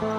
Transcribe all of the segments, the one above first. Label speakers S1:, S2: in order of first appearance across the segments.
S1: Thank you.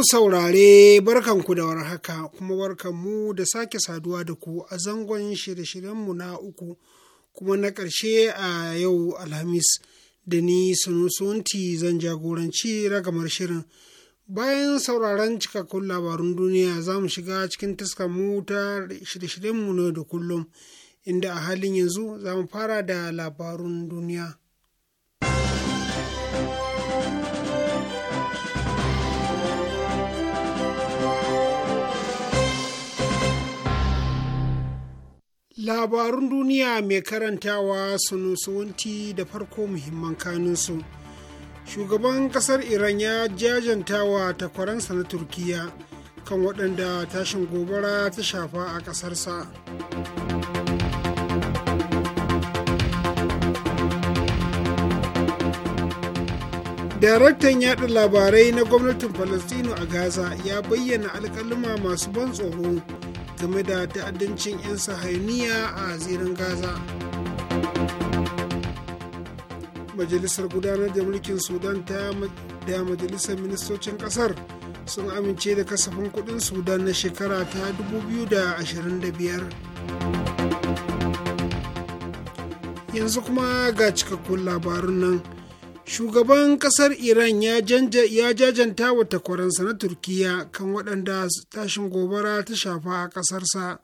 S2: masu saurare barkanku da warhaka kuma barkanmu da sake saduwa da ku a zangon shirye-shiryenmu na uku kuma na ƙarshe a yau alhamis da ni sunusunti zan jagoranci ragamar shirin bayan sauraron cikakkun labarun duniya za mu shiga cikin mu ta shirye-shiryenmu na da kullum inda a halin yanzu za mu fara da labarun duniya. labarun duniya mai karantawa sunusuwanti da farko muhimman kanunsu shugaban kasar iran ya jajantawa takwaransa na turkiya kan waɗanda tashin gobara ta shafa a ƙasarsa daraktan yaɗa labarai na gwamnatin Falasɗinu a gaza ya bayyana alƙaluma masu ban tsoro game da ta'addancin 'yan sahaniya a zirin gaza majalisar gudanar da mulkin sudan ta da majalisar ministocin kasar sun amince da kasafin kudin sudan na shekara ta 2025 yanzu kuma ga cikakkun labarun nan shugaban kasar iran ya jajanta wa takwaransa na turkiya kan waɗanda tashin gobara ta shafa a ƙasarsa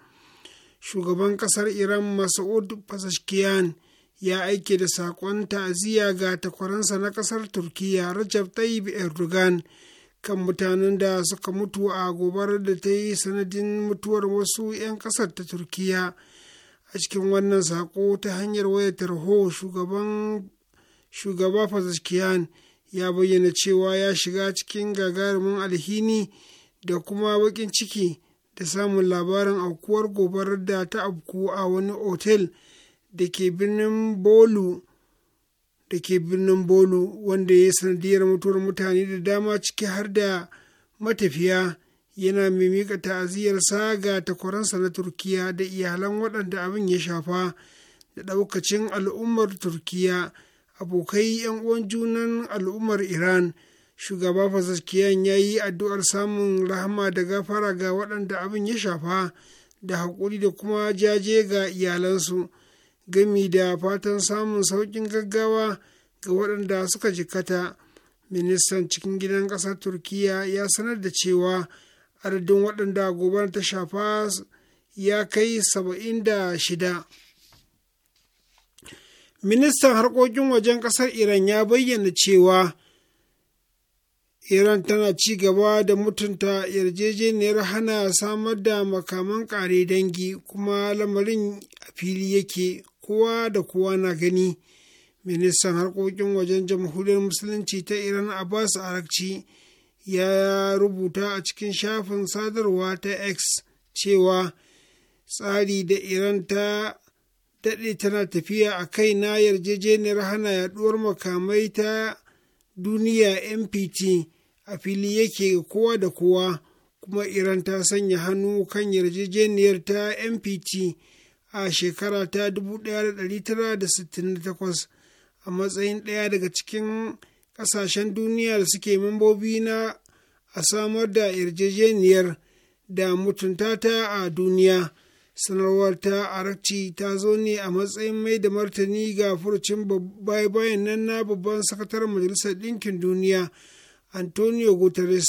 S2: shugaban kasar iran masaud pazashkiyan ya aike da saƙon ta'aziyya ga takwaransa na ƙasar turkiya rajab tayyib erdogan kan mutanen da suka mutu a gobarar da ta yi sanadin mutuwar wasu 'yan ƙasar ta turkiya a cikin wannan saƙo ta hanyar wayar tarho shugaban shugaba Fazakiyan ya bayyana cewa ya shiga cikin gagarumin alhini da kuma baƙin ciki da samun labarin aukuwar gobar da ta afku a wani otel da ke birnin Bolu da ke birnin Bolu wanda ya sanadiyar mutuwar mutane da dama ciki har da matafiya yana mai miƙa ta'aziyarsa ga takwaransa na Turkiya da iyalan waɗanda abin ya shafa da ɗaukacin al'ummar Turkiya. abokai 'yan uwan junan al'ummar iran shugaba fasaskiyan ya yi addu'ar samun rahama da gafara ga waɗanda abin ya shafa da haƙuri da kuma jaje ga iyalansu gami da fatan samun sauƙin gaggawa ga waɗanda suka jikata ministan cikin gidan ƙasar turkiya ya sanar da cewa adadin waɗanda gobara ta shafa ya kai saba'in da shida ministan harkokin wajen ƙasar iran ya bayyana cewa iran tana ci gaba da mutunta yarjejeniyar hana samar da makaman ƙare dangi kuma lamarin a fili yake kowa da kowa na gani ministan harkokin wajen jamhuriyar musulunci ta iran abbas arakci ya rubuta a cikin shafin sadarwa ta x cewa tsari da iran ta daɗe tana tafiya a kai na yarjejeniyar hana yaɗuwar makamai ta duniya mpt a fili yake ga kowa da kowa kuma iran ta sanya hannu kan yarjejeniyar ta mpt a shekara ta 1968 a matsayin ɗaya daga cikin ƙasashen duniya da suke mambobi na a samar da yarjejeniyar da mutunta ta a duniya sanarwar ta arakci ta zo ne a matsayin mai da martani ga furucin bayan nan na babban sakataren majalisar ɗinkin duniya antonio guterres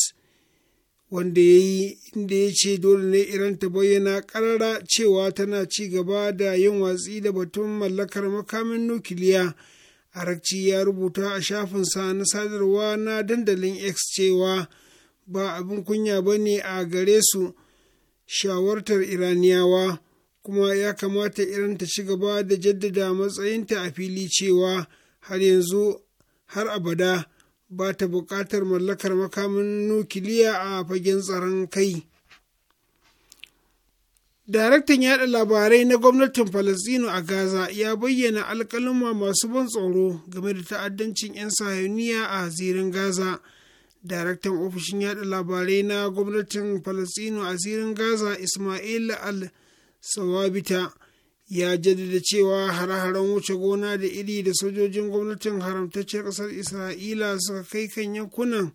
S2: wanda ya yi inda ya ce dole ne iran ta bayyana karara cewa tana ci gaba da yin watsi da batun mallakar makamin nukiliya arakci ya rubuta a shafinsa na sadarwa na dandalin x cewa ba abin kunya ba ne a gare su shawartar iraniyawa kuma ya kamata iran ta ci gaba da jaddada matsayinta a fili cewa har yanzu har abada ba ta buƙatar mallakar makamin nukiliya a fagen tsaron kai daraktan yada labarai na gwamnatin falasino a gaza ya bayyana alkalima masu ban tsoro game da ta'addancin 'yan sahiyoniya a zirin gaza daraktan ofishin yaɗa labarai na gwamnatin falasino a zirin gaza ismail al sawabita ya jaddada cewa hare-haren wuce gona da iri da sojojin gwamnatin haramtaccen ƙasar isra'ila suka kai kan yankunan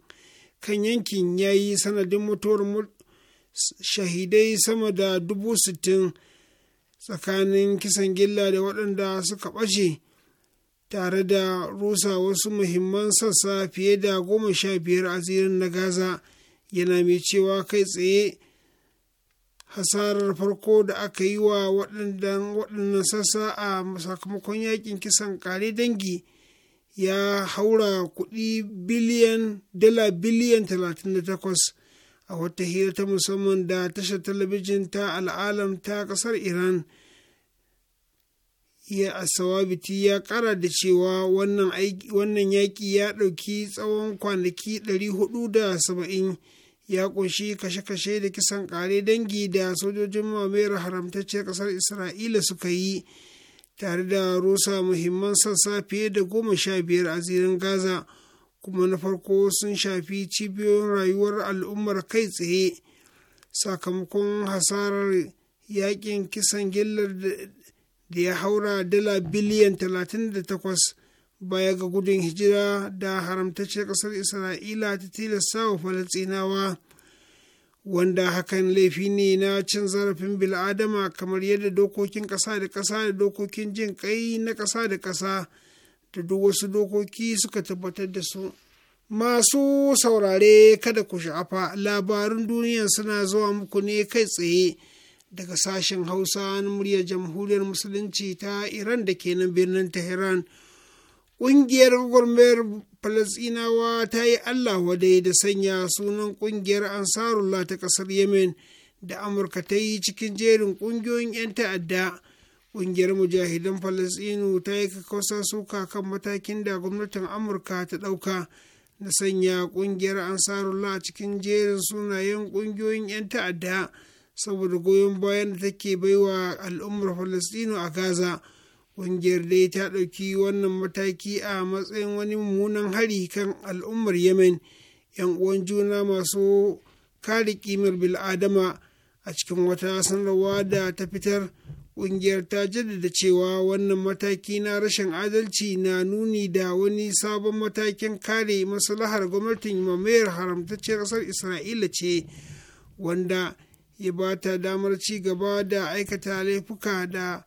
S2: kan yankin ya yi sanadin mutuwar shahidai sama da dubu sittin tsakanin kisan gilla da waɗanda suka ɓace tare da rusa wasu muhimman sassa fiye da goma sha biyar a tsirin na gaza yana mai cewa kai tsaye hasarar farko da aka yi wa waɗannan sassa a sakamakon yakin kisan kare dangi ya haura kuɗi biliyan dala biliyan 38 a wata hira ta musamman da tashar talabijin ta al'alam ta ƙasar iran iya asawabiti ya kara da cewa wannan yaƙi ya ɗauki tsawon kwanaki 470 ya ƙunshi kashe-kashe da kisan ƙare dangi da sojojin mamayar haramtacciyar ƙasar isra'ila suka yi tare da rusa muhimman sassa fiye da goma sha biyar a zirin gaza kuma na farko sun shafi cibiyoyin rayuwar al'ummar kai tsaye sakamakon hasarar yaƙin kisan gillar da ya haura dala biliyan talatin da 38 baya ga gudun hijira da haramtacciyar ƙasar isra'ila ta tilasta wa falastinawa wanda hakan laifi ne na cin zarafin bil'adama kamar yadda dokokin ƙasa da ƙasa da dokokin jin ƙai na ƙasa da ƙasa da duk wasu dokoki suka tabbatar da su masu saurare kada ku sha'afa labarin duniya suna zuwa muku ne kai tsaye daga sashen hausa na muryar jamhuriyar musulunci ta iran da ke nan birnin tehran ƙungiyar gwamnatin falasinawa ta yi allah wadai da sanya sunan ƙungiyar ansarullah ta ƙasar yemen da amurka ta yi cikin jerin ƙungiyoyin 'yan ta'adda ƙungiyar mujahidan falasinu ta yi kakkausa suka kan matakin da gwamnatin amurka ta ɗauka na sanya ƙungiyar ansarullah cikin jerin sunayen ƙungiyoyin 'yan ta'adda saboda goyon bayan da take baiwa al'ummar falastino a gaza ƙungiyar dai ta ɗauki wannan mataki a matsayin wani mummunan hari kan al'ummar yemen 'yan uwan juna masu kare kimar bil'adama a cikin wata sanarwa da ta fitar ƙungiyar ta jaddada cewa wannan mataki na rashin adalci na nuni da wani sabon matakin kare maslahar gwamnatin mamayar haramtacciyar ƙasar isra'ila ce wanda ya ba ta damar ci gaba da aikata laifuka da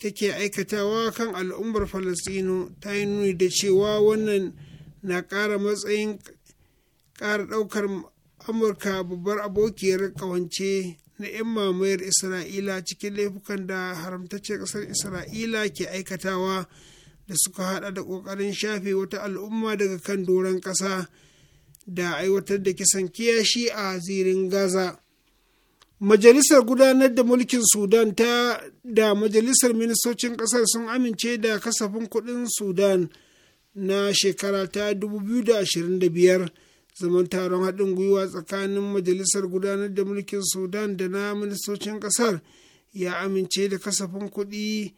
S2: take aikatawa kan al'ummar falastino ta yi nuni da cewa wannan na ƙara matsayin ƙara ɗaukar amurka babbar abokiyar ƙawance na 'yan mamayar isra'ila cikin laifukan da haramtacce ƙasar isra'ila ke aikatawa da suka hada da ƙoƙarin shafe wata al'umma daga kan doron ƙasa da aiwatar da kisan kiyashi a zirin gaza. Majalisar gudanar da mulkin Sudan ta da Majalisar Ministocin Ƙasar sun amince da kasafin kuɗin Sudan na shekara ta 2025 zaman taron haɗin gwiwa tsakanin Majalisar gudanar da mulkin Sudan da na ministocin ƙasar ya amince da kasafin kuɗi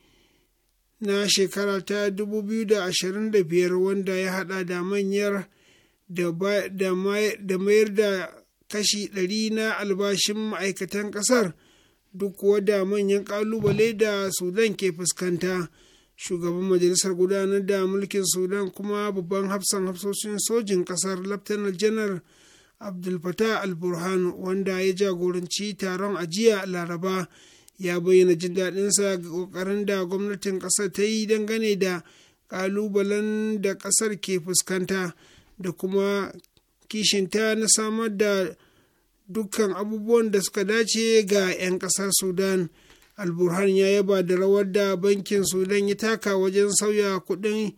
S2: na shekara ta 2025 wanda ya haɗa da manyar da mayar da kashi ɗari na albashin ma'aikatan ƙasar duk da manyan ƙalubale da sudan ke fuskanta shugaban majalisar gudanar da mulkin sudan kuma babban hafsan hafsoshin sojin ƙasar laftanar janar abdul alburhan wanda ya jagoranci taron ajiya laraba ya bayyana jin daɗinsa ga ƙoƙarin da gwamnatin ƙasar ta yi dangane da ƙalubalen da ƙasar ke fuskanta da kuma kishinta na samar da dukkan abubuwan da suka dace ga 'yan ƙasar sudan alburhan ya yaba da rawar da bankin sudan ya taka wajen sauya kuɗin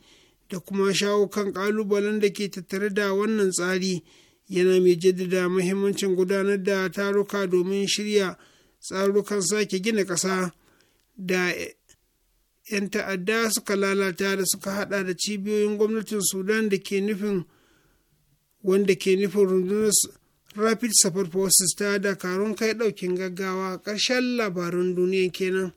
S2: da kuma shawo kan ƙalubalen da ke tattare da wannan tsari yana mai jaddada muhimmancin gudanar da taruka domin shirya tsarukan sake gina ƙasa da 'yan ta'adda suka lalata da suka hada da cibiyoyin gwamnatin sudan da ke nufin wanda ke nufin rundunar rapid support forces ta dakarun kai ɗaukin gaggawa ƙarshen labarun duniya kenan.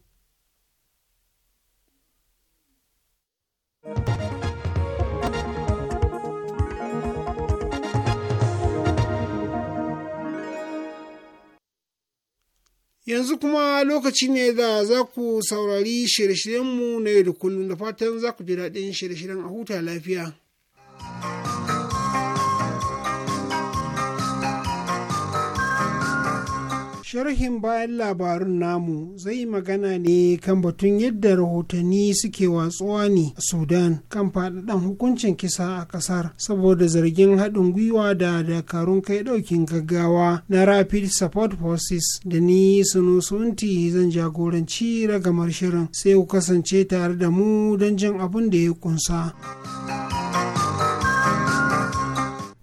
S2: Yanzu kuma lokaci ne da za ku saurari shirye-shiryenmu na yau da kullum da fatan za ku ji daɗin shirye-shiryen a huta lafiya. sharhin bayan labarun namu zai magana ne kan batun yadda rahotanni suke watsuwa ne a sudan kan faɗaɗan hukuncin kisa a ƙasar saboda zargin haɗin gwiwa da dakarun kai ɗaukin gaggawa na rapid support forces da ni sunti zan jagoranci ragamar shirin sai ku kasance tare da mu don jin abin da ya kunsa.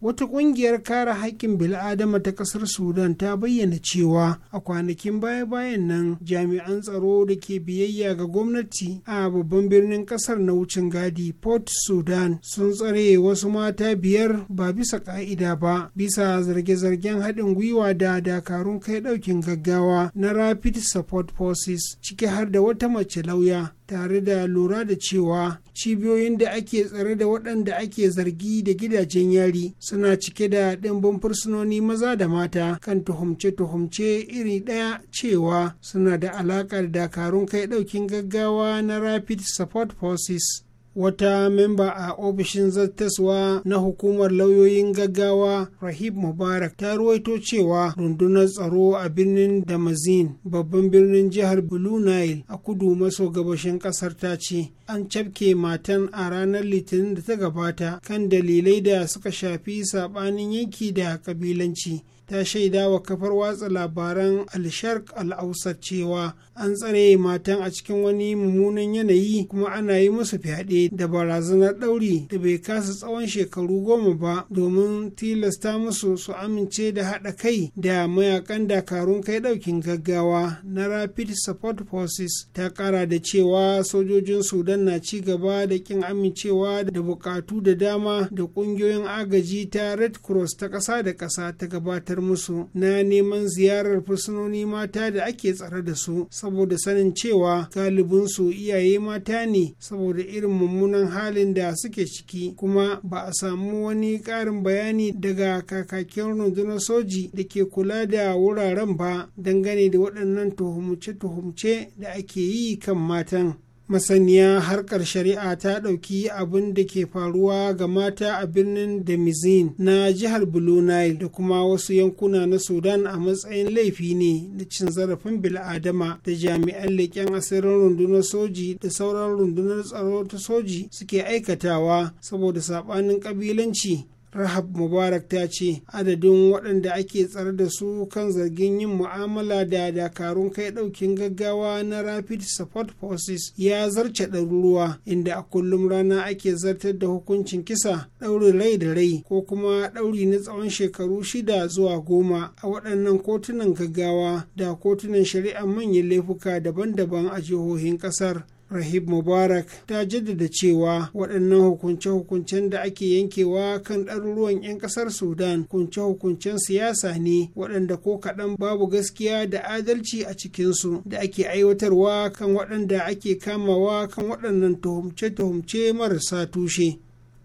S2: wata kungiyar kare haƙƙin bil'adama ta ƙasar sudan ta bayyana cewa a kwanakin baya-bayan nan jami'an tsaro da ke biyayya ga gwamnati a babban birnin ƙasar na wucin gadi port sudan sun tsare wasu mata biyar ba bisa ƙa'ida ba bisa zarge-zargen haɗin gwiwa da dakarun kai ɗaukin gaggawa na rapid support forces ciki har da wata mace lauya tare da lura da cewa cibiyoyin da ake tsare da waɗanda ake zargi da gidajen yari suna cike da ɗimbin fursunoni maza da mata kan tuhumce-tuhumce iri ɗaya cewa suna da alaƙar dakarun kai ɗaukin gaggawa na rapid support forces wata memba a ofishin zattaswa na hukumar lauyoyin gaggawa rahib mubarak ta ruwaito cewa rundunar tsaro a birnin damazin babban birnin jihar blue nile a kudu maso gabashin kasar ta ce an cafke matan a ranar litinin da ta gabata kan dalilai da suka shafi sabanin yanki da kabilanci ta shaidawa kafar watsa labaran al-sharq al-ausar cewa an tsare matan a cikin wani mummunan yanayi kuma ana yi musu fyaɗe da barazanar ɗauri da bai kasa tsawon shekaru goma ba domin tilasta musu su amince da haɗa kai da mayakan dakarun kai ɗaukin gaggawa na rapid support forces ta ƙara da cewa sojojin sudan na ci gaba da ƙin amincewa da buƙatu da dama da ƙungiyoyin agaji ta red cross ta ƙasa da ƙasa ta gabatar musu na neman ziyarar fursunoni mata da ake tsare da su saboda sanin cewa galibinsu iyaye mata ne saboda irin mummunan halin da suke ciki kuma ba a samu wani ƙarin bayani daga kakakin rundunar soji da ke kula da wuraren ba dangane da waɗannan tuhumce-tuhumce da ake yi kan matan. masaniya harkar shari'a ta ɗauki abin da ke faruwa ga mata a birnin damizin na jihar blue nile da kuma wasu yankuna na sudan a matsayin laifi ne da cin zarafin bil'adama da jami'an leƙen asirin rundunar soji da sauran rundunar tsaro ta soji suke aikatawa saboda saɓanin ƙabilanci rahab mubarak ta ce adadin waɗanda ake tsare da su kan zargin yin mu'amala da dakarun kai ɗaukin gaggawa na rapid support forces ya zarce ɗaruruwa inda a kullum rana ake zartar da hukuncin kisa ɗaurin rai da rai ko kuma ɗauri na tsawon shekaru shida zuwa goma a waɗannan kotunan gaggawa da kotunan shari'ar manyan laifuka daban-daban a jihohin ƙasar rahib mubarak ta jaddada cewa waɗannan hukunce-hukuncen da ake yankewa kan ɗaruruwan 'yan ƙasar sudan hukunce-hukuncen siyasa ne waɗanda ko kaɗan babu gaskiya da adalci a cikinsu da ake aiwatarwa kan waɗanda ake kamawa kan waɗannan tuhumce-tuhumce marasa tushe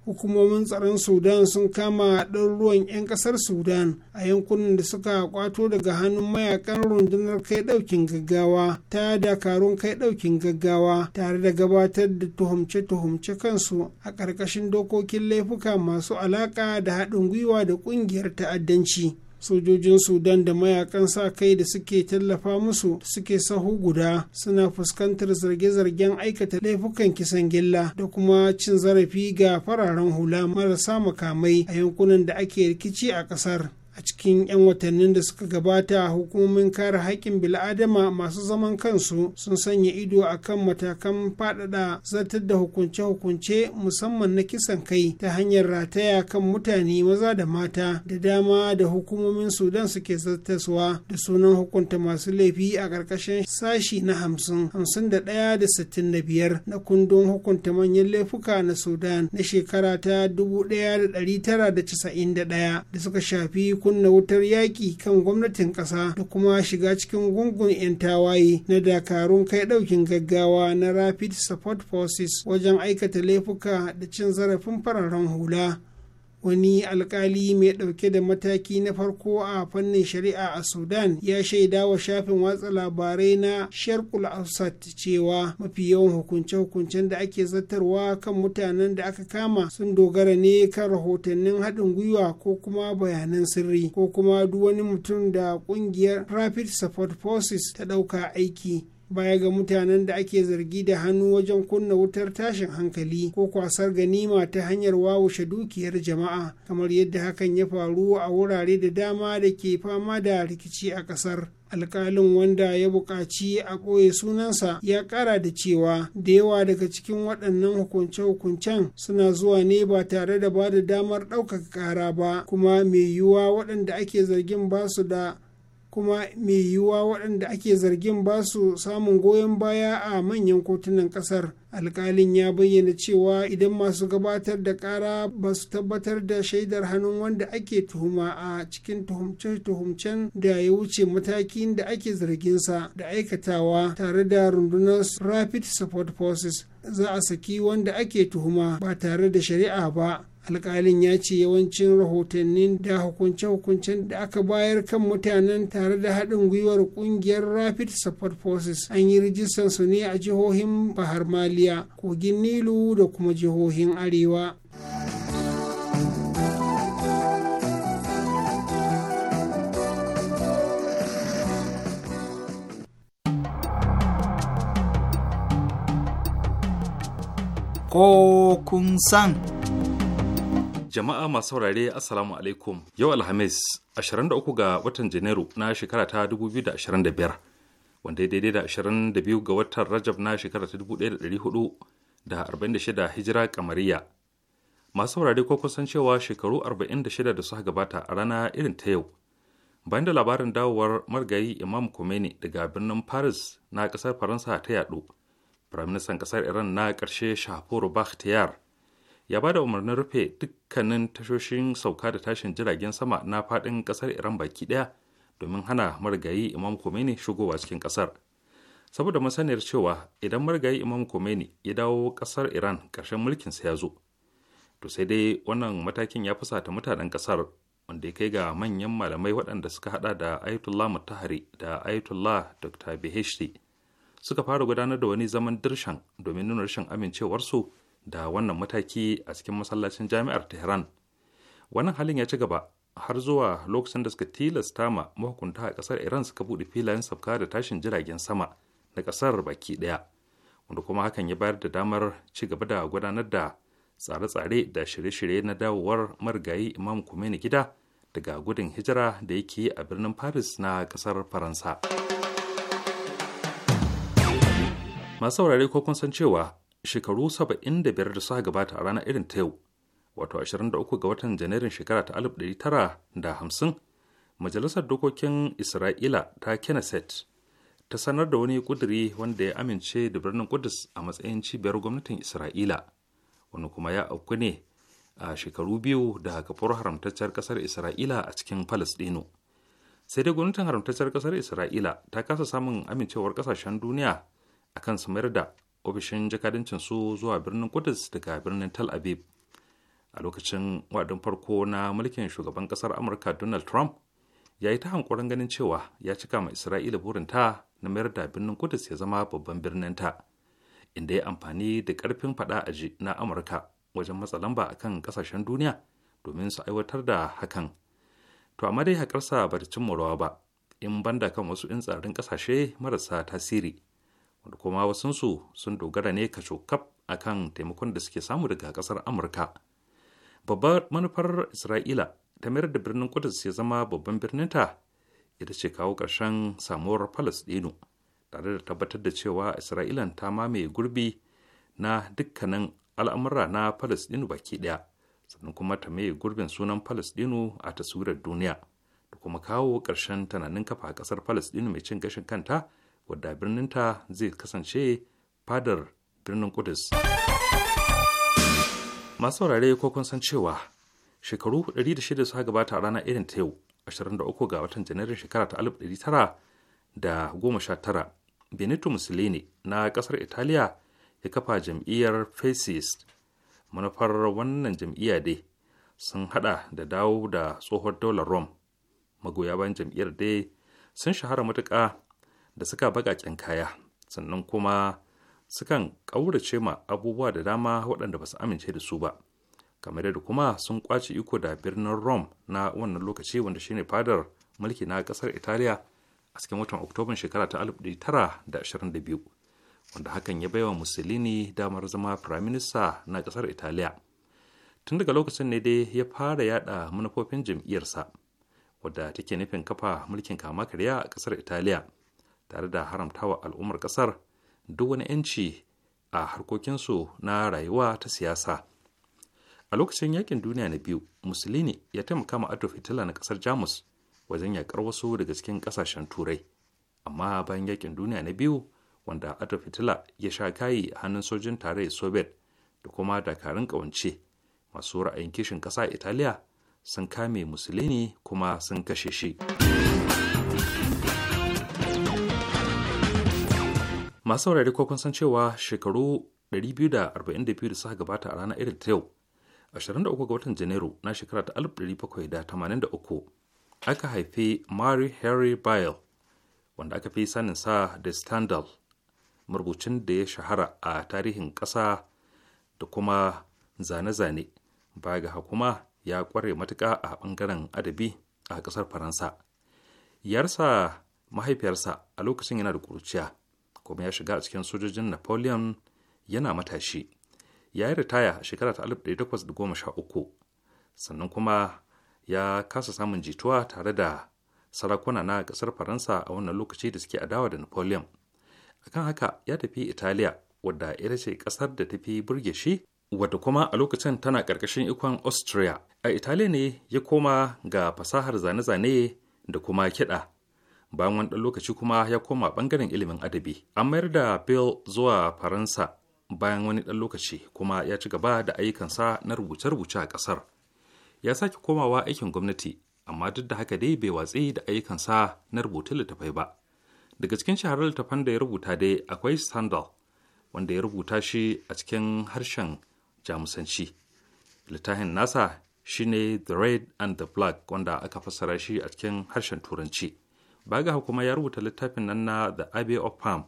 S2: hukumomin tsaron sudan sun kama ɗan ruwan 'yan ƙasar sudan a yankunan da suka kwato daga hannun mayakan rundunar kai ɗaukin gaggawa ta dakarun kai ɗaukin gaggawa tare da gabatar da tuhumce-tuhumce kansu a ƙarƙashin dokokin laifuka masu alaƙa da haɗin gwiwa da ƙungiyar ta'addanci sojojin sudan da mayakan sa kai da suke tallafa musu suke sahu guda suna fuskantar zarge-zargen aikata laifukan kisan gilla da kuma cin zarafi ga fararen hula marasa makamai a yankunan da ake rikici a kasar a cikin 'yan watannin da suka gabata hukumomin kare haƙƙin bil'adama masu zaman kansu sun sanya ido a kan matakan faɗaɗa zartar da hukunce-hukunce musamman na kisan kai ta hanyar rataya kan mutane maza da mata da dama da hukumomin sudan suke zartaswa da sunan hukunta masu laifi a ƙarƙashin sashi na hamsin hamsin da ɗaya da sittin da biyar na kundin hukunta manyan laifuka na sudan na shekara ta dubu ɗaya da ɗari tara da casa'in da ɗaya da suka shafi kunna wutar yaƙi kan gwamnatin ƙasa da kuma shiga cikin gungun 'yan tawaye na dakarun kai ɗaukin gaggawa na rapid support forces wajen aikata laifuka da cin zarafin fararen hula wani alkali mai ɗauke da mataki na farko a fannin shari'a a sudan ya shaida wa shafin watsa labarai na sharkul ausat cewa mafi yawan hukunce-hukuncen da ake zartarwa kan mutanen da aka kama sun dogara ne kan rahotannin haɗin gwiwa ko kuma bayanan sirri ko kuma duk wani mutum da ƙungiyar rapid support forces ta ɗauka aiki baya ga mutanen da ake zargi da hannu wajen kunna wutar tashin hankali ko kwasar ganima ta hanyar wawushe dukiyar jama'a kamar yadda hakan ya faru a wurare da dama da ke fama da rikici a ƙasar alkalin wanda ya buƙaci a ɓoye sunansa ya ƙara da cewa da yawa daga cikin waɗannan hukunce-hukuncen suna zuwa ne ba tare da ba da damar ɗaukaka ƙara ba kuma mai yiwuwa waɗanda ake zargin ba su da kuma mai yiwuwa waɗanda ake zargin ba su samun goyon baya a manyan kotunan ƙasar alkalin ya bayyana cewa idan masu gabatar da ƙara ba su tabbatar da shaidar hannun wanda ake tuhuma a cikin tuhumce-tuhumcen da ya wuce matakin da ake zarginsa da aikatawa tare da rundunar rapid support forces za a saki wanda ake tuhuma ba tare da shari'a ba alkalin ya ce yawancin rahotannin da hukunce-hukuncen da aka bayar kan mutanen tare da haɗin gwiwar ƙungiyar rapid support forces an yi rijistar su ne a jihohin bahar maliya kogin nilu da kuma jihohin arewa Ko
S3: kun san.
S4: Jama'a masu saurare Assalamu alaikum. Yau Alhamis 23 ga watan Janairu na shekara ta 2025 wanda ya daidai da 22 ga watan Rajab na shekara ta 1446 Hijira kamariya. Masu saurare ko kusan cewa shekaru 46 da suka gabata a rana irin ta yau. Bayan da labarin dawowar margayi Imam Khomeini daga birnin Paris na kasar Faransa ta yaɗu, Firaministan kasar Iran na ƙarshe Shahapur Bakhtiyar ya ba da umarnin rufe dukkanin tashoshin sauka da tashin jiragen sama na fadin kasar iran baki daya domin hana marigayi imam khomeini shigowa cikin kasar saboda masaniyar cewa idan marigayi imam khomeini ya dawo kasar iran karshen mulkin sa ya zo to sai dai wannan matakin ya fusata mutanen kasar wanda ya kai ga manyan malamai waɗanda suka hada da ayatollah mutahari da ayatollah dr beheshti suka fara gudanar da wani zaman dirshan domin nuna rashin amincewarsu da wannan mataki a cikin masallacin jami'ar tehran wannan halin ya ci gaba har zuwa lokacin da suka tilasta ma mahukunta a kasar iran suka buɗe filayen sabka da tashin jiragen sama na kasar baki ɗaya wanda kuma hakan ya bayar da damar ci gaba da gudanar da tsare-tsare da shirye-shirye na dawowar marigayi imam kumeni gida daga gudun hijira da yake a birnin paris na kasar faransa masu saurare ko kun san cewa shekaru 75 da suka gabata a ranar irin ta yau wato 23 ga watan janairun shekara ta 1950 majalisar dokokin isra'ila ta kenneset ta sanar da wani kuduri wanda ya amince da birnin kudus a matsayin cibiyar gwamnatin isra'ila wani kuma ya auku ne a shekaru biyu da kafar haramtacciyar kasar isra'ila a cikin palestino sai dai gwamnatin haramtacciyar kasar isra'ila ta kasa samun amincewar kasashen duniya akan su mayar da ofishin jakadancin su zuwa birnin Kudus daga birnin Tel Aviv. A lokacin wadin farko na mulkin shugaban ƙasar Amurka Donald Trump ya yi ta hankurin ganin cewa ya cika ma Isra'ila burinta na mayar da birnin Kudus ya zama babban birninta, inda ya amfani da karfin faɗa aji na Amurka wajen matsa lamba akan ƙasashen duniya domin su aiwatar da hakan. To amma dai haƙarsa ba ta cin ba, in banda kan wasu in tsarin ƙasashe marasa tasiri. wanda kuma wasunsu sun dogara ne kaso kaf kan taimakon da suke samu daga kasar amurka babbar manufar isra'ila ta mayar da birnin kudus ya zama babban birninta ita ce kawo ƙarshen samuwar palestino tare da tabbatar da cewa isra'ila ta mamaye gurbi na dukkanin al'amura na palestino baki ɗaya sannan kuma ta maye gurbin sunan palestino a taswirar duniya da kuma kawo ƙarshen tunanin kafa a ƙasar palestino mai cin gashin kanta wadda birninta zai kasance fadar birnin Kudus. Masu saurare ko kun san cewa shekaru 106 suka gabata a ranar irin ta yau 23 ga watan janairun shekara ta 1919 Benito Mussolini na kasar Italiya ya kafa jam'iyyar Fascist. Manufar wannan jam'iyya dai sun hada da dawo da tsohon daular Rome. Magoya bayan jam'iyyar dai sun shahara matuka. da suka baƙaƙen kaya sannan kuma sukan ƙaurace ma abubuwa da dama waɗanda ba su amince da su ba kamar yadda kuma sun kwace iko da birnin rome na wannan lokaci wanda shine fadar mulki na ƙasar italiya a cikin watan oktoban shekara ta 1922 wanda hakan ya baiwa musulini damar zama firaminista na ƙasar italiya tun daga lokacin ne dai ya fara yada manufofin jam'iyyarsa wadda take nufin kafa mulkin kama karya a ƙasar italiya tare da haramtawa al'ummar kasar duk wani 'yanci a harkokinsu na rayuwa ta siyasa a lokacin yakin duniya na biyu musulini ya taimaka ma adolf hitler na ƙasar jamus wajen yaƙar wasu daga cikin ƙasashen turai amma bayan yakin duniya na biyu wanda adolf hitler ya sha kayi a hannun sojin tarayyar soviet da kuma dakarun ƙawance masu ra'ayin kishin ƙasa italiya sun kame musulini kuma sun kashe shi. masu saurari ko kun san cewa shekaru 242 da suka gabata a ranar irin ta yau 23 ga watan janairu na shekara ta 1783 aka haifi mary harry bile wanda aka fi sanin sa da standal marubucin da ya shahara a tarihin ƙasa da kuma zane-zane ba ga hakuma ya kware matuka a ɓangaren adabi a ƙasar faransa yarsa mahaifiyarsa a lokacin yana da ƙuruciya kuma ya shiga a cikin sojojin napoleon yana matashi ya yi ritaya a shekara ta 1813 sannan kuma ya kasa samun jituwa tare da sarakuna na ƙasar faransa a wannan lokaci da suke adawa da napoleon kan haka ya tafi italiya wadda ita ce kasar da tafi burge shi wadda kuma a lokacin tana ƙarƙashin ikon austria a italiya ne ya koma ga fasahar zane-zane da kuma kiɗa bayan wani ɗan lokaci kuma ya koma ɓangaren ilimin adabi an mayar da bill zuwa faransa bayan wani ɗan lokaci kuma ya ci gaba da ayyukansa na rubuce-rubuce a ƙasar ya sake komawa aikin gwamnati amma duk da haka dai bai watsi da ayyukansa na rubuta littafai ba daga cikin shaharar littafan da ya rubuta dai akwai sandal wanda ya rubuta shi a cikin harshen jamusanci littafin nasa shine the red and the black wanda aka fassara shi a cikin harshen turanci baga kuma ya rubuta littafin nan na the abbey of palm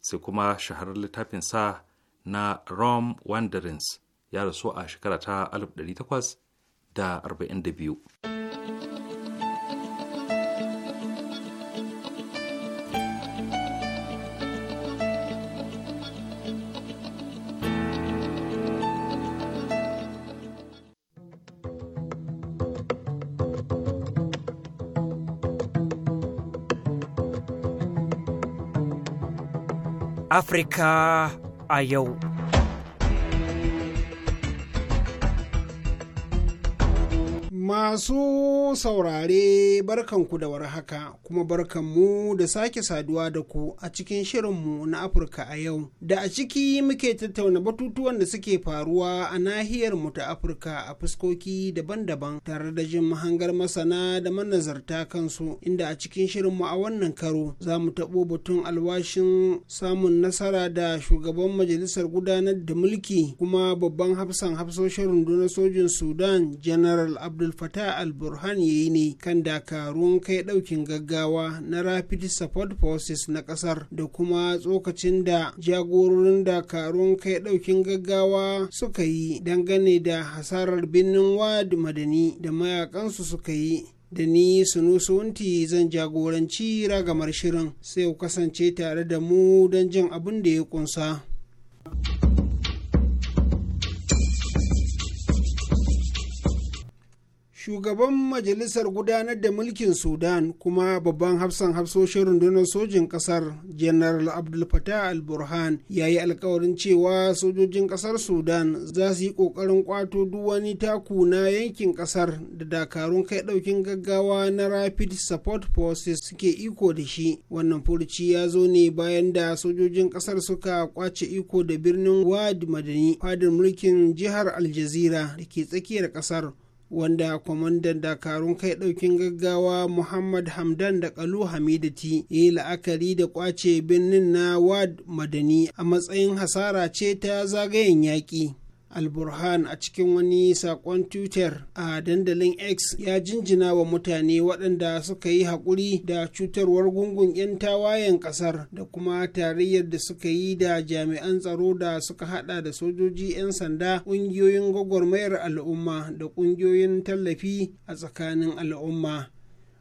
S4: sai kuma shaharar littafin sa na rome wanderings ya rasu a shekara ta 1842
S3: Afirka a yau.
S2: Masu saurare barkanku da warhaka kuma barkanmu da sake saduwa da ku a cikin shirinmu na Afirka a yau. Da a ciki muke tattauna batutuwan da suke faruwa a nahiyar mu ta Afirka a fuskoki daban-daban tare da jin mahangar masana da manazarta kansu inda a cikin shirinmu a wannan karo za mu taɓo batun alwashin samun nasara da shugaban majalisar gudanar da mulki kuma babban hafsan hafsoshin rundunar sojin Sudan General Abdul Fattah yahya alburhan ya yi ne kan dakarun kai daukin gaggawa na rapid support forces na kasar da kuma tsokacin da jagororin dakarun kai daukin gaggawa suka yi dangane da hasarar birnin wad madani da mayakansu suka yi da ni sunusu wunti zan jagoranci ragamar shirin sai ku kasance tare da mu don jin abin da ya kunsa. shugaban majalisar gudanar da mulkin sudan kuma babban hafsan hafsoshin rundunar sojin kasar general abdul fatah al-burhan ya yi alkawarin cewa sojojin kasar sudan za su yi kokarin kwato duk wani taku na yankin kasar da dakarun kai daukin gaggawa na rapid support forces suke iko da shi wannan furci ya zo ne bayan da sojojin kasar suka kwace iko da birnin wad madani fadar mulkin jihar aljazira da ke tsakiyar kasar wanda kwamandan dakarun kai daukin gaggawa muhammad hamdan da kalu hamidati ya yi la'akari da kwace birnin na wad madani a matsayin hasara ce ta zagayen yaƙi alburhan a cikin wani sakon twitter a dandalin x ya jinjina wa mutane waɗanda suka yi haƙuri da cutarwar gungun 'yan tawayen ƙasar da kuma tarayyar da suka yi da jami'an tsaro da suka haɗa da sojoji 'yan sanda ƙungiyoyin gwagwarmayar al'umma da ƙungiyoyin tallafi a tsakanin al'umma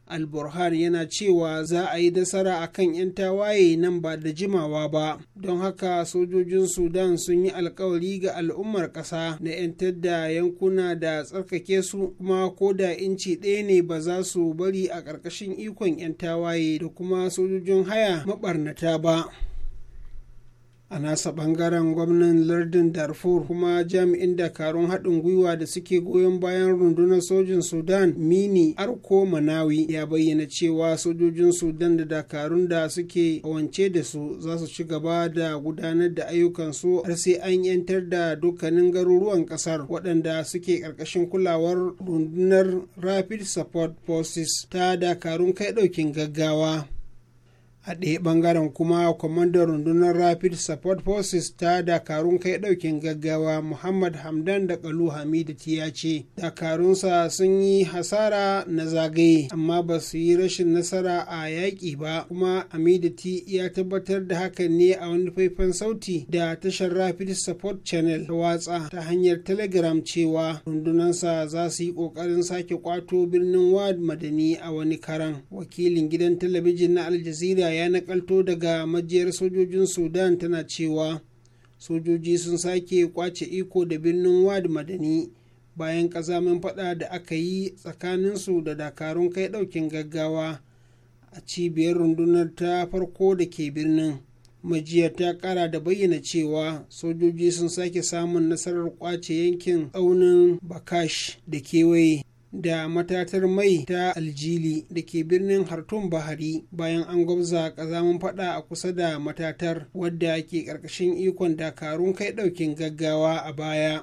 S2: alburhan yana cewa za a yi nasara a kan 'yan tawaye nan ba da jimawa ba don haka sojojin sudan sun yi alkawari ga al'ummar ƙasa na 'yantar da yankuna da tsarkake su kuma ko da inci ɗaya ne ba za su bari a ƙarƙashin ikon 'yan tawaye da kuma sojojin haya maɓarnata ba a nasa bangaren gwamnan lardin darfur kuma jami'in dakarun haɗin gwiwa da suke goyon bayan rundunar sojin sudan mini arko manawi ya bayyana cewa sojojin sudan da dakarun da suke kawance da su za su ci gaba da gudanar da ayyukansu har sai an yantar da dukkanin garuruwan ƙasar waɗanda suke ƙarƙashin kulawar rundunar rapid support forces ta dakarun kai ɗaukin gaggawa a ɗaya ɓangaren kuma kwamandan rundunar rapid support forces ta dakarun kai ɗaukin gaggawa muhammad hamdan da kalu hamidu ya ce dakarunsa sun yi hasara na zagaye amma ba su yi rashin nasara a yaƙi ba kuma hamidati ya tabbatar da hakan ne a wani faifan sauti da tashar rapid support channel ta watsa ta hanyar telegram cewa rundunansa za su yi ƙoƙarin sake kwato birnin wad madani a wani karan wakilin gidan talabijin na aljazeera ya nakalto daga majiyar sojojin sudan tana cewa sojoji sun sake kwace iko da birnin wad madani bayan kazamin fada da aka yi tsakaninsu da dakarun kai daukin gaggawa a cibiyar rundunar ta farko da ke birnin majiyar ta kara da bayyana cewa sojoji sun sake samun nasarar kwace yankin tsaunin bakash da kewaye da matatar mai ta aljili da ke birnin hartun bahari bayan an gwabza kazamin fada a kusa da matatar wadda ke karkashin ikon dakarun kai ɗaukin gaggawa a baya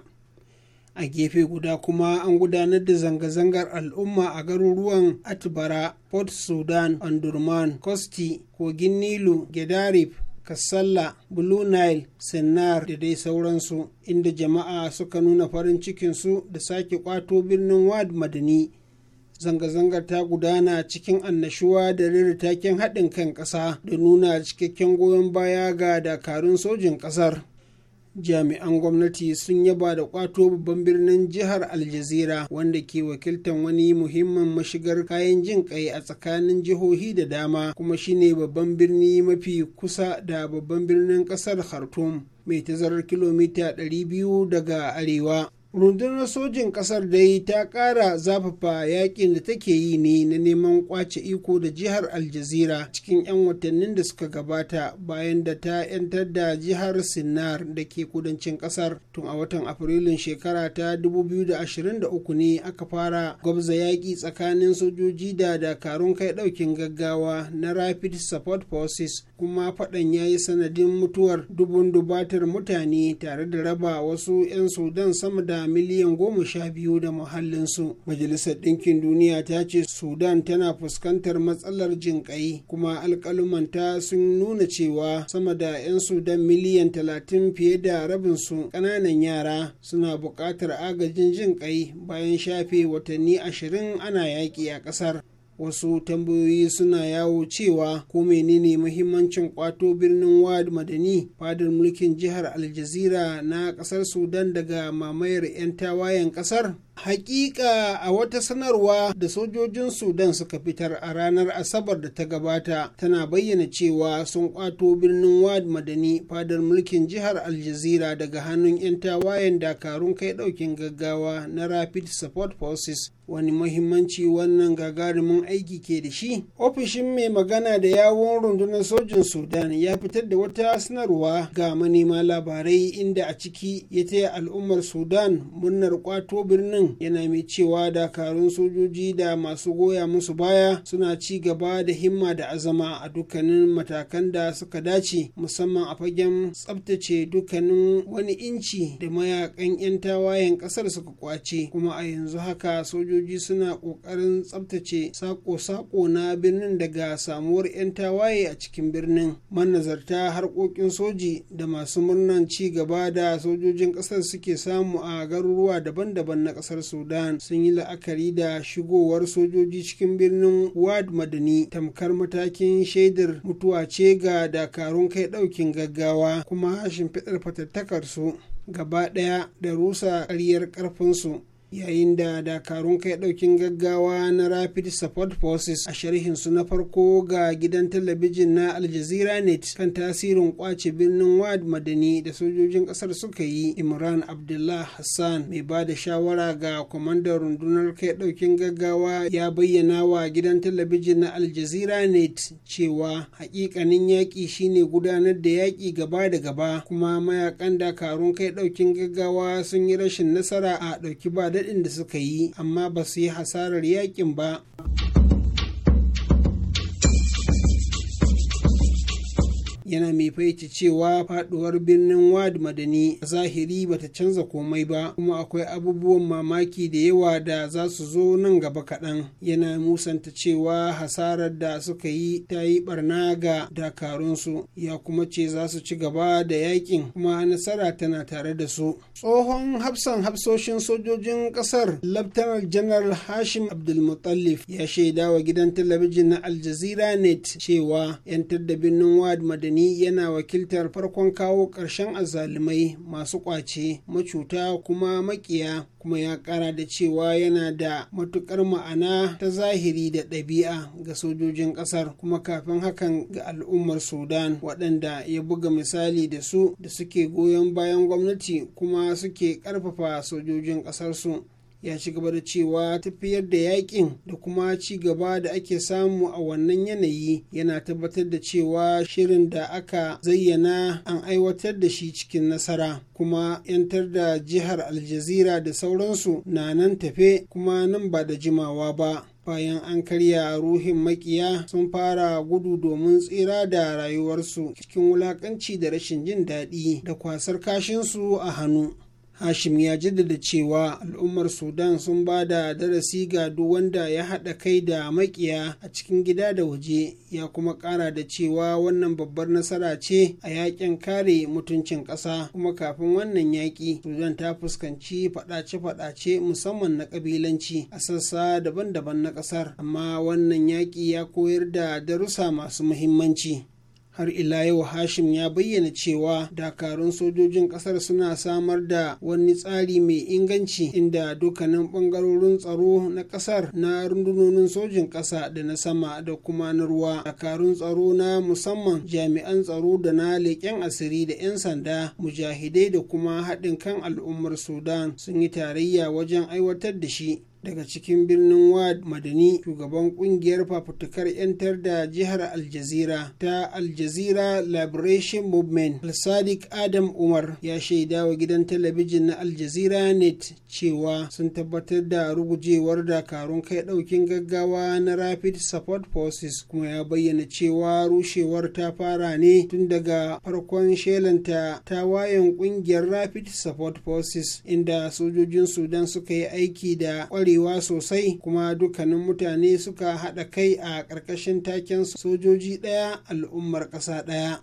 S2: a gefe guda kuma an gudanar da zanga-zangar al'umma a garuruwan atbara port sudan andurman kosti kogin nilu gedarif kasalla blue nile sennar da dai sauransu inda jama'a suka nuna farin cikinsu da sake kwato birnin wad madani zanga-zangar ta gudana cikin annashuwa da riritaken haɗin kan ƙasa da nuna cikakken goyon baya ga dakarun sojin ƙasar jami'an gwamnati sun yaba da kwato babban birnin jihar aljazira wanda ke wakiltan wani muhimmin mashigar kayan jin kai a tsakanin jihohi da dama kuma shine babban birni mafi kusa da babban birnin kasar khartoum mai tazarar kilomita 200 daga arewa rundunar sojin kasar dai ta kara zafafa yakin da take yi ne na neman kwace iko da jihar aljazira cikin 'yan watannin da suka gabata bayan da ta 'yantar da jihar sinnar da ke kudancin kasar tun a watan afrilun shekara ta 2023 ne aka fara gwabza yaƙi tsakanin sojoji da dakarun kai ɗaukin gaggawa na rapid support forces kuma faɗan ya yi sanadin mutuwar dubun dubatar mutane tare da raba wasu 'yan sudan sama da miliyan goma sha biyu da muhallinsu majalisar ɗinkin duniya ta ce sudan tana fuskantar matsalar jinƙai kuma alƙalumanta sun nuna cewa sama da 'yan sudan miliyan talatin fiye da rabinsu ƙananan yara suna buƙatar agajin jinƙai bayan shafe watanni ashirin ana yaƙi a ƙasar wasu tambayoyi suna yawo cewa ko menene muhimmancin kwato birnin wad madani fadar mulkin jihar aljazira na kasar sudan daga mamayar 'yan tawayen kasar Hakika a wata sanarwa da sojojin Sudan suka fitar a ranar Asabar da ta gabata tana bayyana cewa sun kwato birnin Wad Madani fadar mulkin jihar Aljazira daga hannun 'yan tawayen dakarun kai daukin gaggawa na Rapid Support Forces wani mahimmanci wannan gagarumin aiki ke da shi ofishin mai magana da yawon rundunar sojin sudan ya fitar da wata sanarwa ga manema labarai inda a ciki ya taya al'ummar sudan murnar kwato birnin ɗin yana mai cewa dakarun sojoji da masu goya musu baya suna ci gaba da himma da azama a dukkanin matakan da suka dace musamman a fagen tsabtace dukkanin wani inci da mayakan 'yan tawayen ƙasar suka kwace kuma a yanzu haka sojoji suna ƙoƙarin tsabtace sako-sako na birnin daga samuwar 'yan tawaye a cikin birnin manazarta harkokin soji da masu murnan ci gaba da sojojin ƙasar suke samu a garuruwa daban-daban na ƙasar kasar sudan sun yi la'akari da shigowar sojoji cikin birnin wad madani tamkar matakin shaidar mutuwa ce ga dakarun kai daukin gaggawa kuma shimfiɗar fatattakar su gaba ɗaya da rusa ƙaryar ƙarfinsu yayin da dakarun kai daukin gaggawa na rapid support forces a sharhinsu na farko ga gidan talabijin na aljazeera net kan tasirin kwace birnin wad madani da sojojin kasar suka yi imran abdullah hassan mai ba da shawara ga kwamandan rundunar kai daukin gaggawa ya bayyana wa gidan talabijin na aljazeera net cewa hakikanin yaƙi shine gudanar da yaƙi gaba da gaba kuma mayakan dakarun kai daukin gaggawa sun yi rashin nasara a dauki ba da daɗin da suka yi amma ba su yi hasarar yakin ba. yana mai faici cewa faduwar birnin wad madani a zahiri bata canza komai ba kuma akwai abubuwan mamaki da yawa da za su zo nan gaba kaɗan yana musanta cewa hasarar da suka yi ta yi barna ga dakarunsu ya kuma ce za su ci gaba da yakin kuma nasara tana tare da su tsohon hafsan hafsoshin sojojin ƙasar laftanar janar hashim abdulmutallif ya shaidawa gidan talabijin na aljazeera net cewa 'yantar da birnin wad madani ni yana wakiltar farkon kawo ƙarshen azzalumai masu ƙwace macuta kuma makiya kuma ya ƙara da cewa yana da matuƙar ma'ana ta zahiri da ɗabi'a ga sojojin ƙasar kuma kafin hakan ga al'ummar sudan waɗanda ya buga misali da su da suke goyon bayan gwamnati kuma suke ƙarfafa sojojin ƙasarsu ya ci gaba da cewa tafiyar da yakin da kuma ci gaba da ake samu a wannan yanayi yana tabbatar da cewa shirin da aka zayyana an aiwatar da shi cikin nasara kuma 'yantar da jihar aljazira da sauransu na nan tafe kuma nan ba da jimawa ba bayan an karya ruhin makiya sun fara gudu domin tsira da rayuwarsu cikin wulakanci da rashin jin daɗi da kwasar kashinsu a hannu hashim ya jaddada cewa al'ummar sudan sun ba da darasi ga duk wanda ya haɗa kai da makiya a cikin gida da waje ya kuma ƙara da cewa wannan babbar nasara ce a yakin kare mutuncin ƙasa kuma kafin wannan yaƙi sudan ta fuskanci faɗace-faɗace musamman na ƙabilanci a sassa daban-daban na ƙasar amma wannan yaƙi ya koyar da darussa masu muhimmanci har ila yau hashim ya bayyana cewa dakarun sojojin kasar suna samar da wani tsari mai inganci inda dukkanin bangarorin tsaro na kasar na rundunonin sojin kasa da na sama da kuma na ruwa dakarun tsaro na musamman jami'an tsaro da na leƙen asiri da 'yan sanda mujahidai da kuma haɗin kan al'ummar sudan sun yi tarayya wajen aiwatar da shi daga cikin birnin wad madani shugaban kungiyar fafutukar 'yantar da jihar aljazira ta aljazira liberation movement al-sadiq adam umar ya shaida wa gidan talabijin na aljazira net cewa sun tabbatar da rugujewar dakarun kai daukin gaggawa na rapid support forces kuma ya bayyana cewa rushewar ta fara ne tun daga farkon shelanta ta wayan kungiyar rapid support forces inda sojojin sudan suka yi aiki da kwari ɗorewa sosai kuma dukkanin mutane suka haɗa kai a ƙarƙashin taken sojoji ɗaya al'ummar ƙasa ɗaya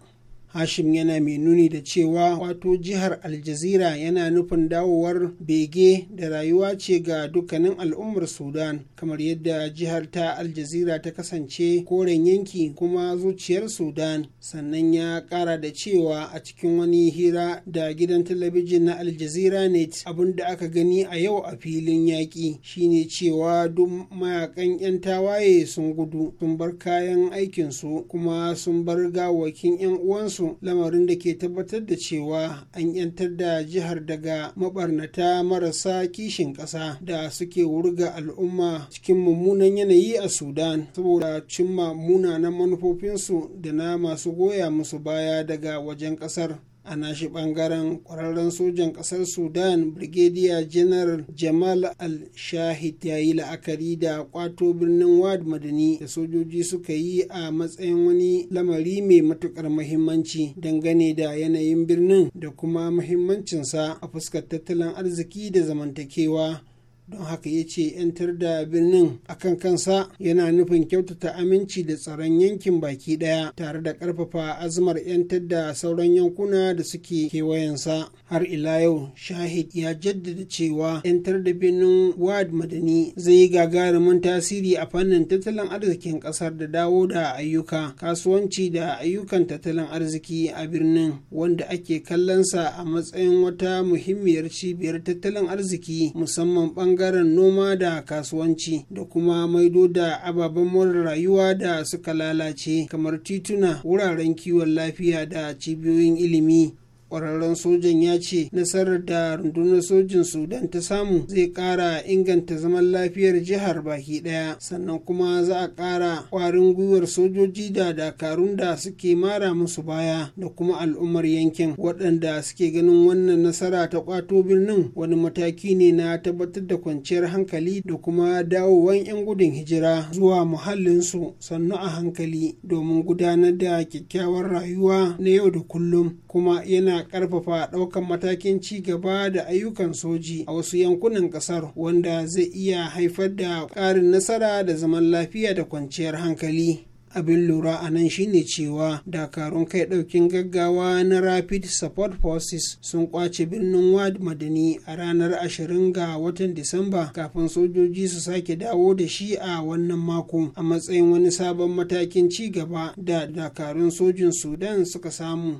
S2: hashim yana mai nuni da cewa wato jihar aljazira yana nufin dawowar bege da rayuwa ce ga dukkanin al'ummar sudan kamar yadda jihar ta aljazira ta kasance koren yanki kuma zuciyar sudan sannan ya kara da cewa a cikin wani hira da gidan talabijin na aljazira net abin da aka gani a yau a filin yaƙi shine cewa duk mayakan 'yan tawaye sun gudu sun bar kayan aikinsu kuma sun bar gawakin 'yan uwansu su lamarin da ke tabbatar da cewa an yantar da jihar daga mabarnata marasa kishin ƙasa da suke wurga al'umma cikin mummunan yanayi a sudan saboda cimma na manufofinsu da na masu goya musu baya daga wajen ƙasar a nashi bangaren kwararren sojan kasar sudan brigadier general jamal al-shahid ya yi la'akari da kwato birnin wad madani da sojoji suka yi a matsayin wani lamari mai matukar mahimmanci dangane da yanayin birnin da kuma mahimmancinsa a fuskar tattalin arziki da zamantakewa don haka ya ce 'yantar da birnin akan kansa yana nufin kyautata aminci da tsaron yankin baki daya tare da karfafa azumar 'yantar da sauran yankuna da suke kewayensa har ila yau shahid ya jaddada cewa 'yantar da birnin wad madani zai yi gagarumin tasiri a fannin tattalin arzikin kasar da dawo da ayyuka kasuwanci da ayyukan tattalin arziki a birnin wanda ake kallonsa a matsayin wata muhimmiyar cibiyar tattalin arziki musamman bangaren bangaren noma da kasuwanci da kuma maido da ababen more rayuwa da suka lalace kamar tituna wuraren kiwon lafiya da cibiyoyin ilimi kwararren sojan ya ce nasarar da rundunar sojin sudan ta samu zai kara inganta zaman lafiyar jihar baki daya sannan kuma za a kara kwarin gwiwar sojoji da dakarun da suke mara musu baya da kuma al'ummar yankin waɗanda suke ganin wannan nasara ta kwato birnin wani mataki ne na tabbatar da kwanciyar hankali da kuma dawowan 'yan gudun hijira zuwa muhallinsu sannu a hankali domin gudanar da kyakkyawar rayuwa na yau da kullum kuma yana karfafa daukan matakin ci gaba da ayyukan soji a wasu yankunan kasar wanda zai iya haifar da karin nasara da zaman lafiya da kwanciyar hankali abin lura a nan shine cewa dakarun kai daukin gaggawa na rapid support forces sun kwace birnin wad madani a ranar 20 ga watan disamba kafin sojoji su sake dawo da shi a wannan mako a matsayin wani sabon matakin ci gaba da dakarun sojin sudan suka samu.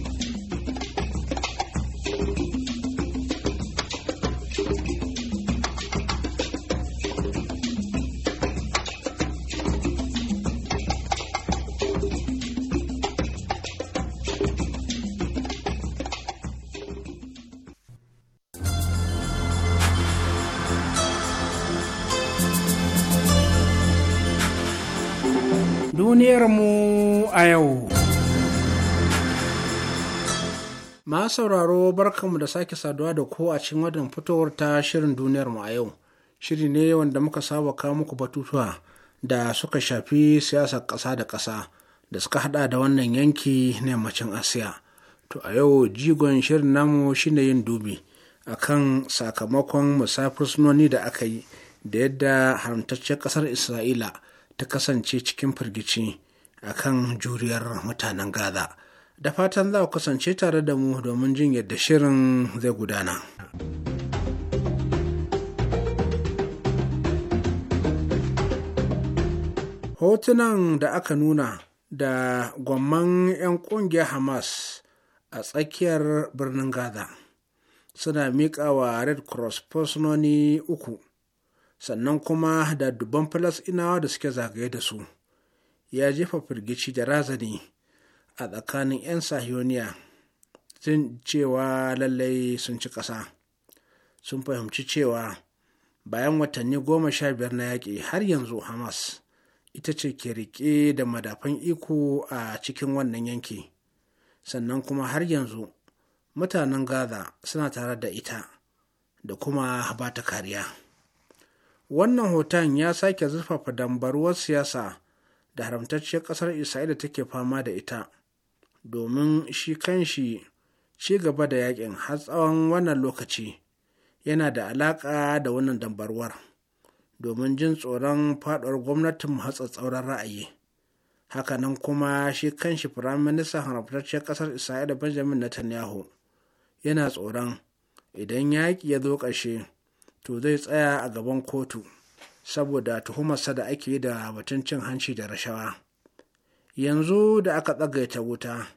S5: duniyarmu a yau. Ma sauraro barkanmu da sake saduwa da ko a cikin wannan fitowar ta shirin duniyarmu a yau. Shiri ne wanda muka saba kawo muku batutuwa da suka shafi siyasar ƙasa da ƙasa da suka hada da wannan yanki na yammacin Asiya. To a yau jigon shirin namu shine yin dubi akan sakamakon musafir sunoni da aka yi da yadda haramtacciyar ƙasar Isra'ila. ta kasance cikin firgici a kan juriyar mutanen gaza da fatan za ku kasance tare da mu domin jin yadda shirin zai gudana. hotunan da aka nuna da gwamman 'yan kungiyar hamas a tsakiyar birnin gaza suna miƙawa red cross fursunoni uku sannan kuma da dubban falasɗinawa da suke zagaye da su ya jefa firgici da razani a tsakanin 'yan sahioniya sun cewa lallai sun ci ƙasa sun fahimci cewa bayan watanni goma sha biyar na yaƙi har yanzu hamas ita ce ke riƙe da madafan iko a cikin wannan yanki sannan kuma har yanzu mutanen gaza suna tare da ita da kuma ba ta kariya wannan hoton ya sake zurfafa dambaruwar siyasa da haramtacciyar ƙasar isra'ila take fama da ita domin shi kanshi ci gaba da yakin har tsawon wannan lokaci yana da alaƙa da wannan dambarwar domin jin tsoron faɗuwar gwamnatin tsauran ra'ayi hakanan kuma shi kanshi firaministan haramtacciyar ƙasar isra'ila benjamin netanyahu yana tsoron idan yaƙi ya zo ƙarshe to zai tsaya a gaban kotu saboda tuhumarsa da ake da batun cin hanci da rashawa yanzu da aka tsagaita wuta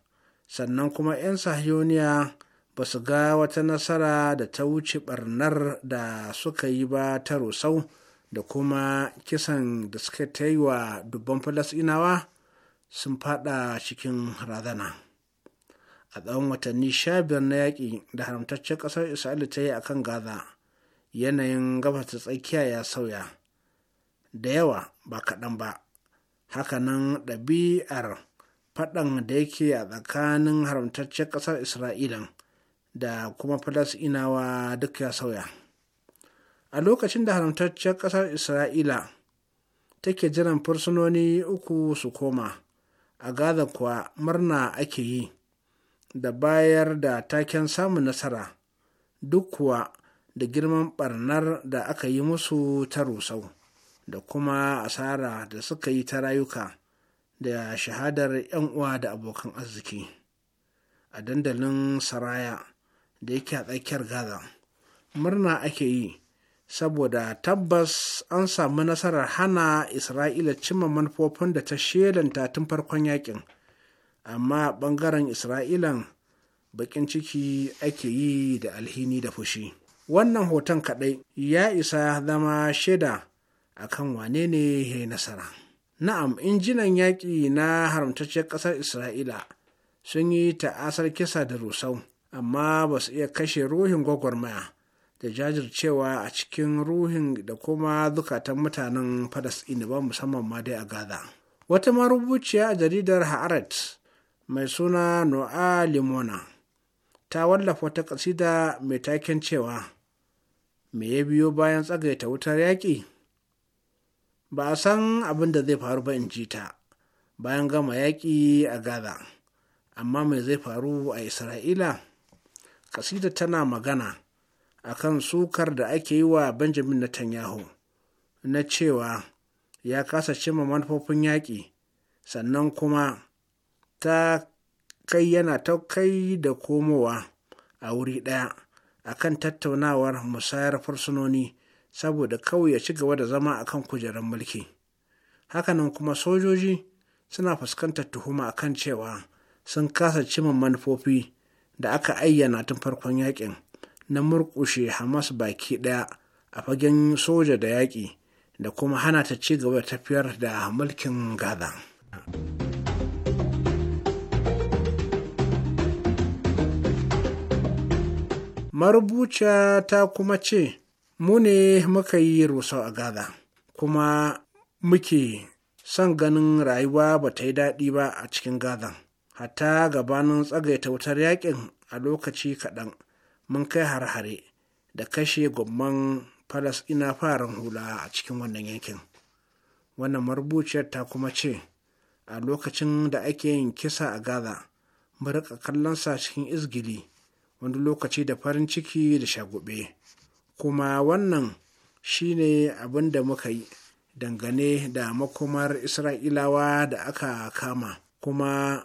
S5: sannan kuma 'yan sahiyoniya ba su ga wata nasara da ta wuce barnar da suka yi ba ta rusau da kuma kisan da suka ta yi wa dubban falasinawa sun fada cikin razana a tsawon watanni sha biyar na yaƙi da haramtaccen ƙasar isra'ila ta yi a kan gaza yanayin gabas ta tsakiya ya sauya da yawa ba kaɗan ba hakanan ɗabi'ar faɗan da yake a tsakanin haramtaccen ƙasar Isra'ila da kuma falasinawa duk ya sauya a lokacin da haramtaccen ƙasar isra'ila take jiran fursunoni uku su koma a gaza kuwa murna ake yi da bayar da taken samun nasara duk kuwa da girman barnar da aka yi musu ta rusau da kuma asara da suka yi ta rayuka da shahadar 'yan uwa da abokan arziki a dandalin saraya da yake a tsakiyar gaza murna ake yi saboda tabbas an samu nasarar hana isra'ila cimma manufofin da ta shelanta tun farkon yakin amma ɓangaren isra'ilan bakin ciki ake yi da alhini da fushi wannan hoton kaɗai ya isa zama shaida akan wane ne ya yi nasara na'am injinan yaƙi na haramtacciyar ƙasar isra'ila sun yi ta'asar kisa da rusau amma ba su iya kashe ruhin gwagwarmaya da jajircewa a cikin ruhin da kuma zukatan mutanen falasɗini ba musamman ma dai a gaza wata marubuciya a jaridar haaret mai suna noa limona ta wallafa wata ƙasida mai taken cewa me ya biyo bayan tsagaita wutar yaƙi ba a san abin da zai faru ba in ji ta bayan gama yaƙi a gaza amma mai zai faru a isra'ila ƙasida tana magana a kan sukar da ake yi wa benjamin netanyahu na cewa ya kasa cimma manufofin yaƙi sannan kuma ta kai yana ta kai da komowa a wuri ɗaya a kan tattaunawar musayar fursunoni saboda kawai ya ci gaba da zama akan kujerar mulki hakanan kuma sojoji suna fuskantar tuhuma a kan cewa sun kasa cima manufofi da aka ayyana tun farkon yakin na murƙushe hamas baki ɗaya a fagen soja da yaƙi da kuma hana ta ci gaba tafiyar da mulkin gaza. Marubuciya ta kuma ce, Mu ne muka yi rusau a Gaza, kuma muke son ganin rayuwa ba ta yi daɗi ba a cikin Gaza. Hatta gabanin tsagaita wutar yakin a lokaci kaɗan mun kai har-hare da kashe gomman falasɗina farin hula a cikin wannan yankin. Wannan marubuciyar ta kuma ce, a lokacin da ake yin kisa a Gaza, mu riƙa kallonsa cikin izgili. wani lokaci da farin ciki da shagube kuma wannan shine abin da muka yi dangane da makomar isra'ilawa da aka kama kuma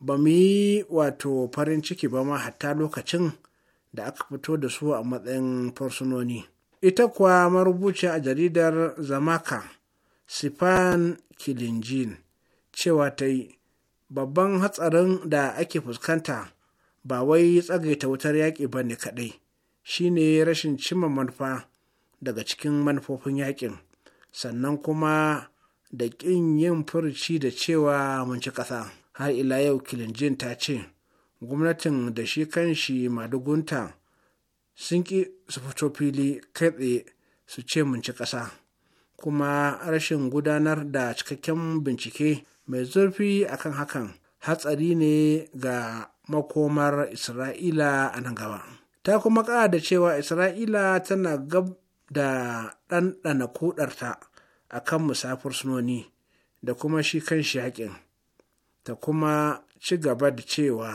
S5: ba mu yi wato farin ciki ba ma hatta lokacin da aka fito da su a matsayin fursunoni ita kuwa marubuciya a jaridar zamaka sifan kilinjin cewa ta yi babban hatsarin da ake fuskanta ba wai tsagaita wutar yaƙi ba ne kaɗai shi ne rashin cimma manufa daga cikin manufofin yaƙin sannan kuma da ƙin yin furci da cewa mun ci ƙasa har ila yau kilinjin ta ce gwamnatin da shi kan shi madugunta sun ƙi su fito fili kai tsaye su ce mun ci ƙasa kuma rashin gudanar da cikakken bincike mai zurfi akan hakan hatsari ne ga makomar isra'ila a nan gaba ta kuma ƙara da cewa isra'ila tana gab da ɗanɗana kudarta a kan musafir sunoni da kuma shi kan yaƙin ta kuma ci gaba da cewa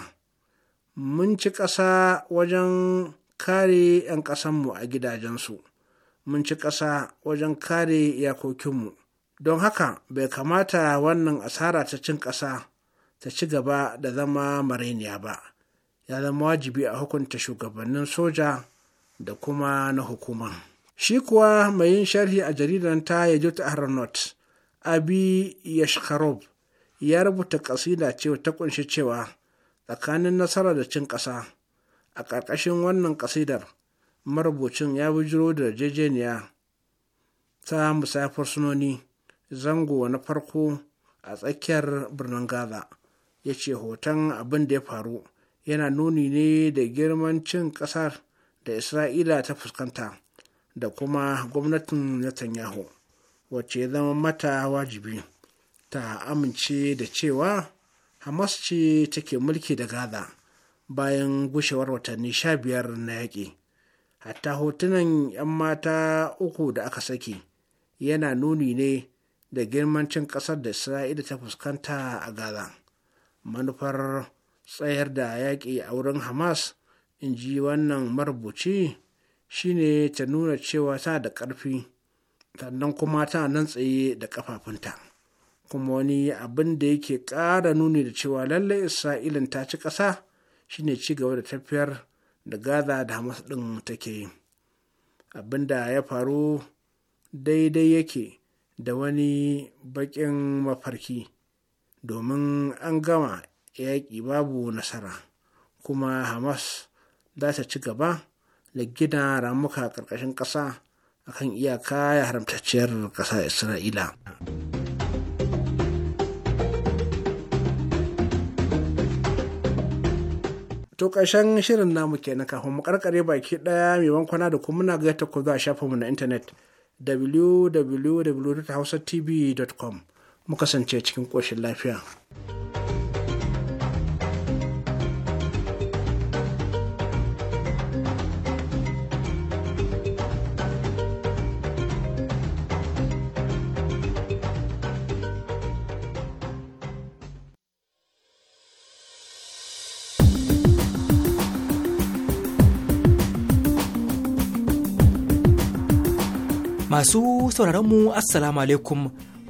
S5: mun ci ƙasa wajen kare 'yan ƙasanmu a gidajensu mun ci ƙasa wajen kare iyakokinmu don haka bai kamata wannan asara ta cin ƙasa ta ci gaba da zama marainiya ba ya zama wajibi a hukunta shugabannin soja da kuma na hukuma shi kuwa mai yin sharhi a jaridar ta yajut aronot abi yashkarov ya rubuta kasida cewa ta kunshi cewa tsakanin nasara da cin kasa a ƙarƙashin wannan kasidar marubucin ya bujiro da jejeniya ta musafir sunoni zango na farko a tsakiyar birnin gaza ya ce hoton abin da ya faru yana nuni ne da girman cin ƙasar da isra'ila ta fuskanta da kuma gwamnatin netanyahu wacce ya zama mata wajibi ta amince da cewa hamas ce take mulki da gaza bayan gushewar watanni sha biyar na yaƙi hatta hotunan 'yan mata uku da aka saki yana nuni ne da girmancin ƙasar da isra'ila ta fuskanta a gaza manufar tsayar da yaƙi a wurin hamas in ji wannan marubuci shine ta nuna cewa ta da ƙarfi sannan kuma ta nan tsaye da ƙafafunta kuma wani abin da yake ƙara nuni da cewa lallai isra'ilin ta ci ƙasa shine ci gaba da tafiyar da gaza da hamas ɗin take yi abin da ya faru daidai yake da wani baƙin mafarki domin an gama yaƙi babu nasara kuma hamas za ta ci gaba da gina ramuka ƙarƙashin ƙasa akan iyaka ya haramtacciyar ƙasa isra'ila to ƙarshen shirin namu kenan kafin mu ƙarƙare baki ɗaya mai wankwana da kuma muna ta ku za a shafinmu na intanet www.hausatv.com mu kasance cikin ƙoshin lafiya.
S3: Masu sauraronmu Assalamu alaikum